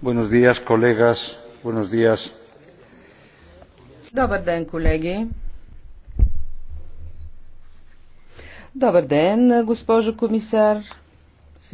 Buenos días, colegas. Buenos días. Добър ден, колеги. Добър ден, госпожо комисар.